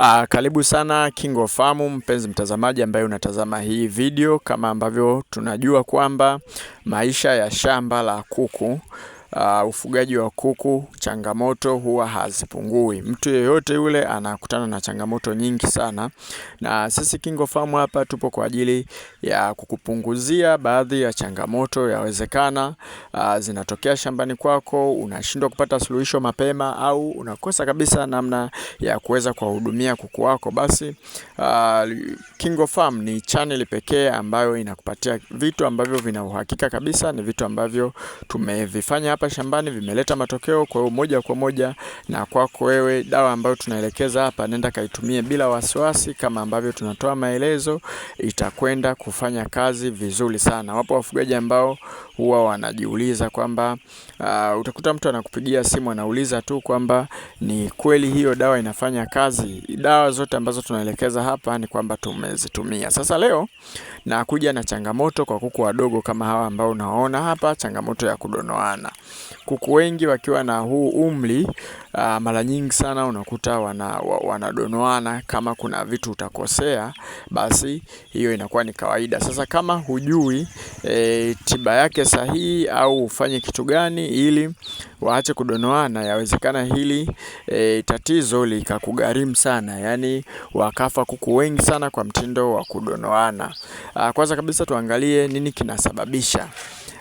Uh, karibu sana Farm, mpenzi mtazamaji ambaye unatazama hii video. Kama ambavyo tunajua kwamba maisha ya shamba la kuku uh, ufugaji wa kuku changamoto huwa hazipungui. Mtu yeyote yule anakutana na changamoto nyingi sana, na sisi Kingo Farm hapa tupo kwa ajili ya kukupunguzia baadhi ya changamoto. Yawezekana uh, zinatokea shambani kwako, unashindwa kupata suluhisho mapema au unakosa kabisa namna ya kuweza kuwahudumia kuku wako, basi uh, Kingo Farm ni channel pekee ambayo inakupatia vitu ambavyo vina uhakika kabisa, ni vitu ambavyo tumevifanya hapa shambani vimeleta matokeo. Kwa hiyo moja kwa moja na kwako wewe, dawa ambayo tunaelekeza hapa, nenda kaitumie bila wasiwasi, kama ambavyo tunatoa maelezo, itakwenda kufanya kazi vizuri sana. Wapo wafugaji ambao huwa wanajiuliza kwamba uh, utakuta mtu anakupigia simu anauliza tu kwamba ni kweli hiyo dawa inafanya kazi. Dawa zote ambazo tunaelekeza hapa ni kwamba tumezitumia. Sasa leo nakuja na changamoto kwa kuku wadogo kama hawa ambao unaona hapa, changamoto ya kudonoana. Kuku wengi wakiwa na huu umri uh, mara nyingi sana unakuta wana, wanadonoana. Kama kuna vitu utakosea, basi hiyo inakuwa ni kawaida. Sasa kama hujui e, tiba yake sahihi au ufanye kitu gani ili waache kudonoana, yawezekana hili e, tatizo likakugharimu sana, yaani wakafa kuku wengi sana kwa mtindo wa kudonoana. Ah, kwanza kabisa tuangalie nini kinasababisha.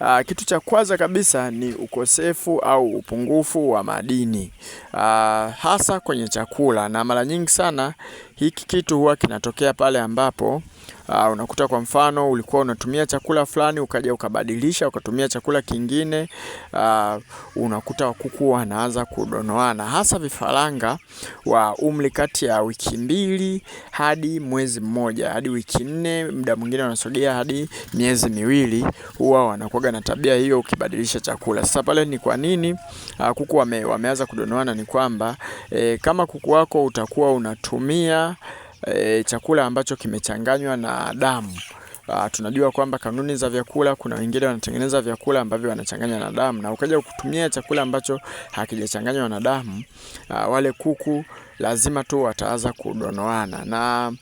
Aa, ah, kitu cha kwanza kabisa ni ukosefu au upungufu wa madini aa, ah, hasa kwenye chakula, na mara nyingi sana hiki kitu huwa kinatokea pale ambapo Uh, unakuta kwa mfano ulikuwa unatumia chakula fulani ukaja ukabadilisha ukatumia chakula kingine. Uh, unakuta kuku wanaanza kudonoana, hasa vifaranga wa umri kati ya wiki mbili hadi mwezi mmoja hadi wiki nne, muda mwingine wanasogea hadi miezi miwili, huwa wanakuwa na tabia hiyo ukibadilisha chakula. Sasa pale ni kwa nini uh, kuku wame, wameanza kudonoana? Ni kwamba eh, kama kuku wako utakuwa unatumia e, chakula ambacho kimechanganywa na damu. Uh, tunajua kwamba kanuni za vyakula, kuna wengine wanatengeneza vyakula ambavyo wanachanganya na damu, na ukaja kutumia chakula ambacho hakijachanganywa na damu, uh, wale kuku lazima tu wataanza kudonoana na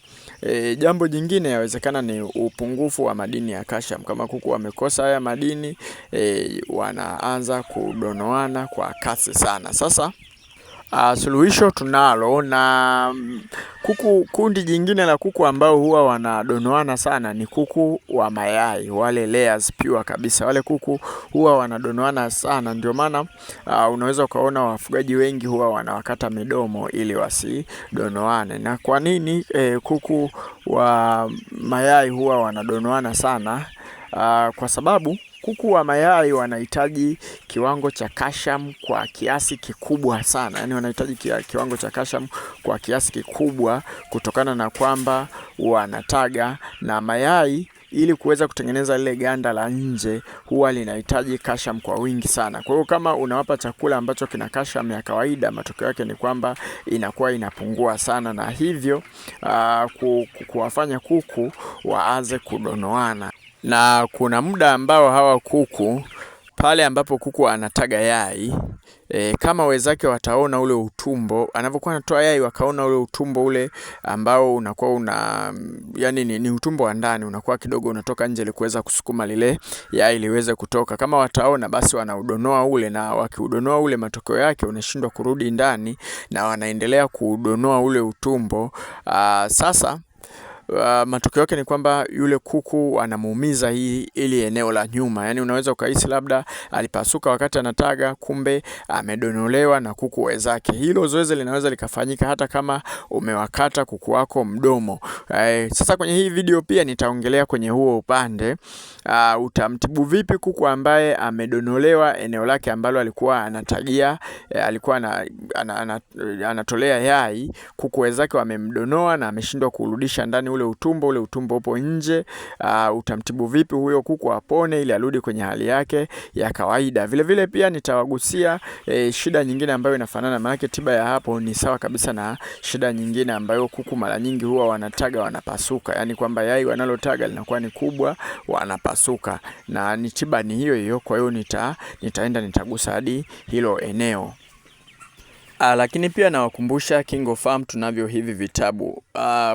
E, jambo jingine yawezekana ni upungufu wa madini ya kashamu. Kama kuku wamekosa haya madini e, wanaanza kudonoana kwa kasi sana. Sasa Uh, suluhisho tunalo na mm, kuku. Kundi jingine la kuku ambao huwa wanadonoana sana ni kuku wa mayai, wale layers pure kabisa. Wale kuku huwa wanadonoana sana, ndio maana uh, unaweza ukaona wafugaji wengi huwa wanawakata midomo ili wasidonoane. Na kwa nini eh, kuku wa mayai huwa wanadonoana sana? Uh, kwa sababu Kuku wa mayai wanahitaji kiwango cha kasham kwa kiasi kikubwa sana, yaani wanahitaji kiwango cha kasham kwa kiasi kikubwa kutokana na kwamba wanataga, na mayai ili kuweza kutengeneza lile ganda la nje huwa linahitaji kasham kwa wingi sana. Kwa hiyo kama unawapa chakula ambacho kina kasham ya kawaida, matokeo yake ni kwamba inakuwa inapungua sana, na hivyo uh, ku, ku, kuwafanya kuku waanze kudonoana na kuna muda ambao hawa kuku pale ambapo kuku anataga yai e, kama wenzake wataona ule utumbo anavyokuwa anatoa yai, wakaona ule utumbo ule ambao unakuwa una yani ni, ni utumbo wa ndani unakuwa kidogo unatoka nje ili kuweza kusukuma lile yai liweze kutoka. Kama wataona basi wanaudonoa ule, na wakiudonoa ule, matokeo yake unashindwa kurudi ndani na wanaendelea kuudonoa ule utumbo. Aa, ah, sasa uh, matokeo yake ni kwamba yule kuku anamuumiza hii ili eneo la nyuma, yani unaweza ukahisi labda alipasuka wakati anataga, kumbe amedonolewa na kuku wenzake. Hilo zoezi linaweza likafanyika hata kama umewakata kuku wako mdomo. Uh, sasa kwenye hii video pia nitaongelea kwenye huo upande uh, utamtibu vipi kuku ambaye amedonolewa eneo lake ambalo alikuwa anatagia, eh, alikuwa ana, ana, ana, ana, anatolea yai, kuku wenzake wamemdonoa na ameshindwa kurudisha ndani ule ule utumbo, ule utumbo upo nje. Uh, utamtibu vipi huyo kuku apone ili arudi kwenye hali yake ya kawaida? Vile vile pia nitawagusia eh, shida nyingine ambayo inafanana, maana tiba ya hapo ni sawa kabisa na shida nyingine ambayo kuku mara nyingi huwa wanataga wanapasuka, yani kwamba yai wanalotaga linakuwa ni kubwa wanapasuka, na ni tiba ni hiyo hiyo. Kwa hiyo nita nitaenda nitagusa hadi hilo eneo. Uh, lakini pia nawakumbusha Kingo Farm tunavyo hivi vitabu uh,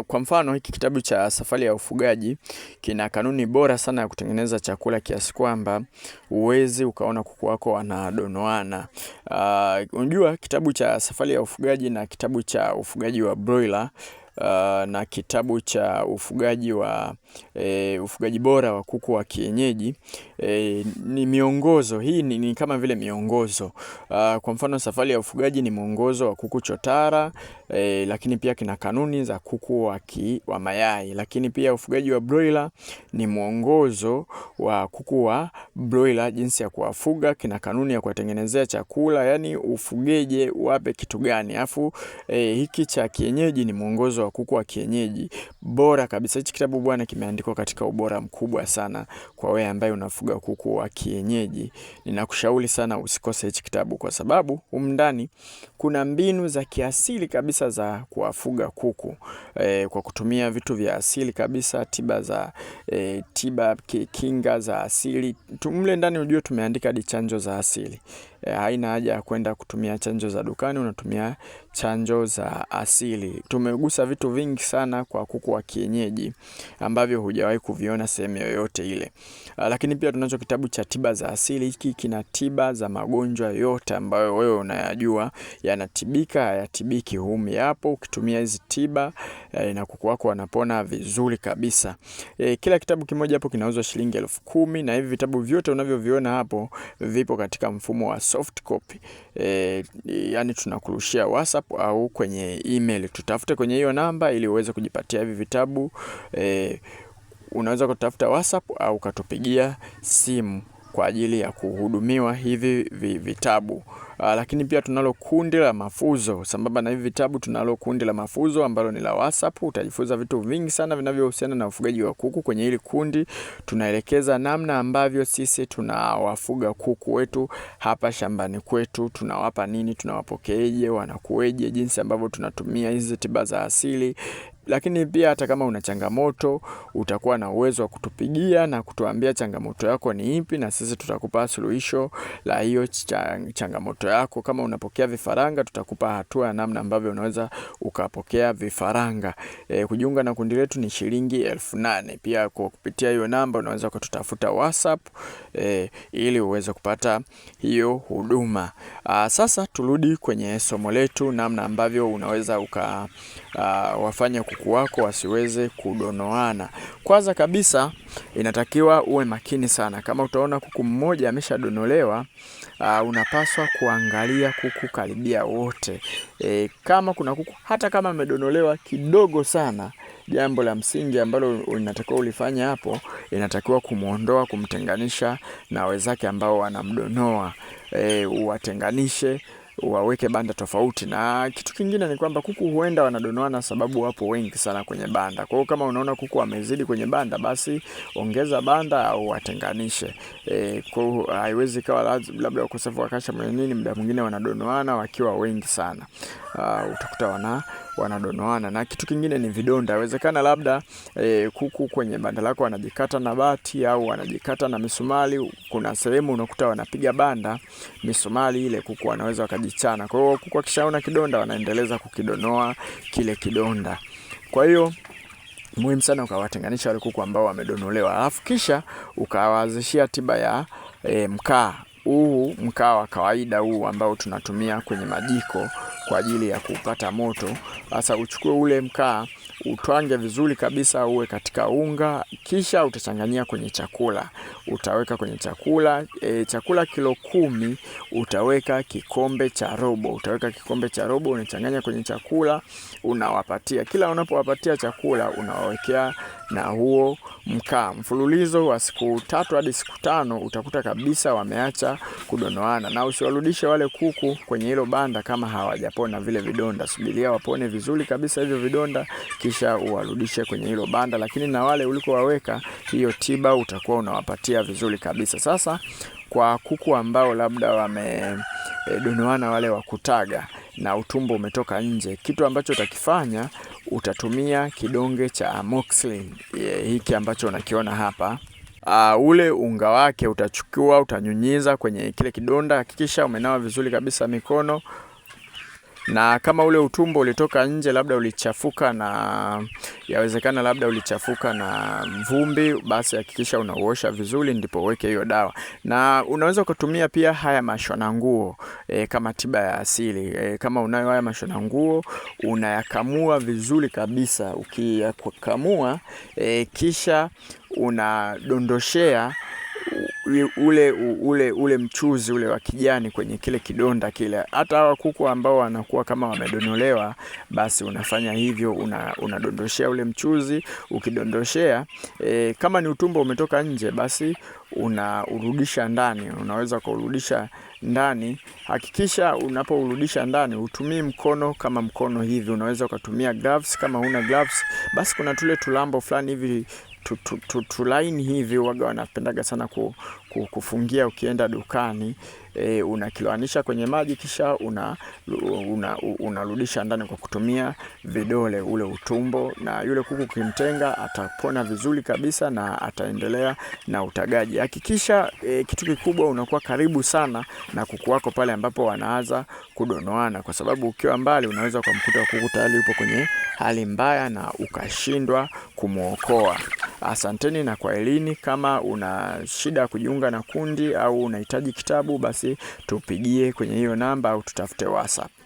kwa mfano hiki kitabu cha Safari ya Ufugaji kina kanuni bora sana ya kutengeneza chakula kiasi kwamba uwezi ukaona kuku wako wanadonoana. Ah, unajua kitabu cha Safari ya Ufugaji na kitabu cha Ufugaji wa Broiler uh, na kitabu cha ufugaji wa e, ufugaji bora wa kuku wa kienyeji e, ni miongozo hii ni, ni kama vile miongozo uh, kwa mfano safari ya ufugaji ni mwongozo wa kuku chotara e, lakini pia kina kanuni za kuku wa, ki, wa mayai. Lakini pia ufugaji wa broiler ni mwongozo wa kuku wa broiler, jinsi ya kuwafuga, kina kanuni ya kuwatengenezea chakula, yani ufugeje, wape kitu gani. Afu e, eh, hiki cha kienyeji ni mwongozo wa kuku wa kienyeji bora kabisa. Hichi kitabu bwana, kimeandikwa katika ubora mkubwa sana kwa wewe ambaye unafuga kuku wa kienyeji. Ninakushauri sana usikose hichi kitabu, kwa sababu umndani kuna mbinu za kiasili kabisa kabisa za kuwafuga kuku e, kwa kutumia vitu vya asili kabisa, tiba za e, tiba kinga za asili. Mle ndani ujue tumeandika hadi chanjo za asili. Eh, haina haja ya kwenda kutumia chanjo za dukani, unatumia chanjo za asili. Tumegusa vitu vingi sana kwa kuku wa kienyeji ambavyo hujawahi kuviona sehemu yoyote ile. Ah, lakini pia tunacho kitabu cha tiba za asili. Hiki kina tiba za magonjwa yote ambayo wewe unayajua yanatibika, hayatibiki, humi hapo. Ukitumia hizi tiba eh, na kuku wako wanapona vizuri kabisa. E, kila kitabu kimoja hapo kinauzwa shilingi elfu kumi na hivi vitabu vyote unavyoviona hapo vipo katika mfumo wa so soft copy e, yani tunakurushia WhatsApp au kwenye email. Tutafute kwenye hiyo namba ili uweze kujipatia hivi vitabu e, unaweza kutafuta WhatsApp au ukatupigia simu kwa ajili ya kuhudumiwa hivi vitabu. Uh, lakini pia tunalo kundi la mafuzo Sambamba na hivi vitabu, tunalo kundi la mafuzo ambalo ni la WhatsApp. Utajifunza vitu vingi sana vinavyohusiana na ufugaji wa kuku. Kwenye hili kundi tunaelekeza namna ambavyo sisi tunawafuga kuku wetu hapa shambani kwetu, tunawapa nini, tunawapokeeje, wanakueje, jinsi ambavyo tunatumia hizi tiba za asili lakini pia hata kama una changamoto utakuwa na uwezo wa kutupigia na kutuambia changamoto yako ni ipi, na sisi tutakupa suluhisho la hiyo changamoto yako. Kama unapokea vifaranga, tutakupa hatua ya namna ambavyo unaweza ukapokea vifaranga. E, kujiunga na kundi letu ni shilingi elfu nane. Pia kwa kupitia hiyo namba unaweza kututafuta WhatsApp e, ili uweze kupata hiyo huduma. A, sasa turudi kwenye somo letu, namna ambavyo unaweza uka uh, wafanya kuku wako wasiweze kudonoana. Kwanza kabisa inatakiwa uwe makini sana. Kama utaona kuku mmoja ameshadonolewa, uh, unapaswa kuangalia kuku karibia wote. E, kama kuna kuku hata kama amedonolewa kidogo sana jambo la msingi ambalo inatakiwa ulifanya hapo, inatakiwa kumwondoa, kumtenganisha na wenzake ambao wanamdonoa. E, uwatenganishe waweke banda tofauti. Na kitu kingine ni kwamba kuku huenda wanadonoana, sababu wapo wengi sana kwenye banda. Kwa hiyo kama unaona kuku wamezidi kwenye banda, basi ongeza banda au watenganishe. E, kwa hiyo haiwezi kawa labda ukosefu wa kasha mwenye nini, muda mwingine wanadonoana wakiwa wengi sana. Uh, utakuta wana wanadonoana. Na kitu kingine ni vidonda, inawezekana labda e, kuku kwenye banda lako wanajikata na bati au wanajikata na misumali. Kuna sehemu unakuta wanapiga banda misumali ile, kuku wanaweza wakajichana. Kwa hiyo kuku akishaona kidonda, wanaendeleza kukidonoa kile kidonda. Kwa hiyo muhimu sana ukawatenganisha wale kuku ambao wamedonolewa, alafu kisha ukawaanzishia tiba ya e, mkaa huu mkaa wa kawaida huu ambao tunatumia kwenye majiko kwa ajili ya kupata moto. Sasa uchukue ule mkaa utwange vizuri kabisa, uwe katika unga, kisha utachanganyia kwenye chakula, utaweka kwenye chakula e, chakula kilo kumi utaweka kikombe cha robo, utaweka kikombe cha robo, unachanganya kwenye chakula, unawapatia. Kila unapowapatia chakula unawawekea na huo mkaa. Mfululizo wa siku tatu hadi siku tano utakuta kabisa wameacha kudonoana, na usiwarudishe wale kuku kwenye hilo banda kama hawajapona vile vidonda. Subiria wapone vizuri kabisa hivyo vidonda, kisha uwarudishe kwenye hilo banda. Lakini na wale ulikowaweka hiyo tiba utakuwa unawapatia vizuri kabisa. Sasa kwa kuku ambao labda wamedonoana wale wakutaga na utumbo umetoka nje, kitu ambacho utakifanya utatumia kidonge cha amoxicillin yeah, hiki ambacho unakiona hapa. Uh, ule unga wake utachukua utanyunyiza kwenye kile kidonda. Hakikisha umenawa vizuri kabisa mikono na kama ule utumbo ulitoka nje, labda ulichafuka na yawezekana labda ulichafuka na vumbi, basi hakikisha unauosha vizuri, ndipo uweke hiyo dawa. Na unaweza ukatumia pia haya mashona nguo e, kama tiba ya asili e, kama unayo haya mashona nguo unayakamua vizuri kabisa. Ukiyakamua e, kisha unadondoshea ule ule ule mchuzi ule wa kijani kwenye kile kidonda kile. Hata hawa kuku ambao wanakuwa kama wamedonolewa, basi unafanya hivyo, unadondoshea una ule mchuzi. Ukidondoshea e, kama ni utumbo umetoka nje, basi unaurudisha ndani, unaweza kuurudisha ndani. Hakikisha unapourudisha ndani utumii mkono kama mkono hivi, unaweza ukatumia gloves. Kama huna gloves, basi kuna tule tulambo fulani hivi tulaini hivi waga wanapendaga sana kufungia. Ukienda dukani e, unakiloanisha kwenye maji kisha unarudisha una, una ndani kwa kutumia vidole ule utumbo, na yule kuku ukimtenga atapona vizuri kabisa na ataendelea na utagaji. Hakikisha e, kitu kikubwa unakuwa karibu sana na kuku wako pale ambapo wanaanza kudonoana, kwa sababu ukiwa mbali unaweza ukamkuta kuku tayari yupo kwenye hali mbaya na ukashindwa kumwokoa. Asanteni na kwaherini. Kama una shida ya kujiunga na kundi au unahitaji kitabu, basi tupigie kwenye hiyo namba au tutafute WhatsApp.